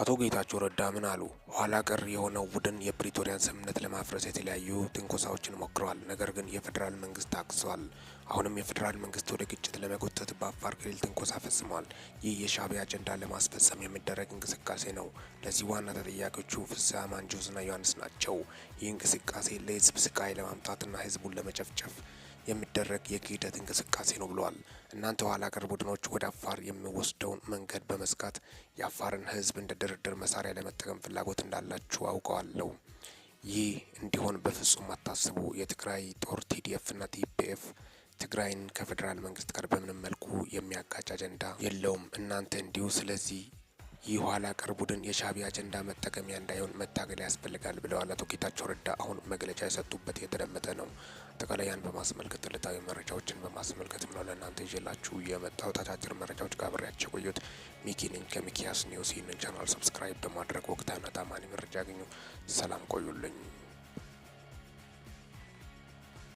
አቶ ጌታቸው ረዳ ምን አሉ? ኋላ ቀር የሆነው ቡድን የፕሪቶሪያን ስምምነት ለማፍረስ የተለያዩ ትንኮሳዎችን ሞክረዋል። ነገር ግን የፌዴራል መንግስት ታግሷል። አሁንም የፌዴራል መንግስት ወደ ግጭት ለመጎተት በአፋር ክልል ትንኮሳ ፈጽሟል። ይህ የሻቢያ አጀንዳ ለማስፈጸም የሚደረግ እንቅስቃሴ ነው። ለዚህ ዋና ተጠያቂዎቹ ፍስሐ ማንጆዝና ዮሐንስ ናቸው። ይህ እንቅስቃሴ ለህዝብ ስቃይ ለማምጣትና ህዝቡን ለመጨፍጨፍ የሚደረግ የክህደት እንቅስቃሴ ነው ብለዋል። እናንተ ኋላ ቀር ቡድኖች ወደ አፋር የሚወስደውን መንገድ በመዝጋት የአፋርን ህዝብ እንደ ድርድር መሳሪያ ለመጠቀም ፍላጎት እንዳላችሁ አውቀዋለሁ። ይህ እንዲሆን በፍጹም አታስቡ። የትግራይ ጦር ቲዲኤፍና ቲፒኤፍ ትግራይን ከፌዴራል መንግስት ጋር በምንም መልኩ የሚያጋጭ አጀንዳ የለውም። እናንተ እንዲሁ ስለዚህ ይህ ኋላ ቀር ቡድን የሻዕቢያ አጀንዳ መጠቀሚያ እንዳይሆን መታገል ያስፈልጋል ብለዋል አቶ ጌታቸው ረዳ አሁን መግለጫ የሰጡበት የተደመጠ ነው። አጠቃላይ ያን በማስመልከት ዕለታዊ መረጃዎችን በማስመልከት ምነው ለእናንተ ይዤላችሁ የመጣው አጫጭር መረጃዎች ጋር አብሬያቸው የቆየሁት ሚኪ ነኝ ከሚኪያስ ኒውስ። ይህንን ቻናል ሰብስክራይብ በማድረግ ወቅታዊና ታማኒ መረጃ ያገኙ። ሰላም ቆዩልኝ።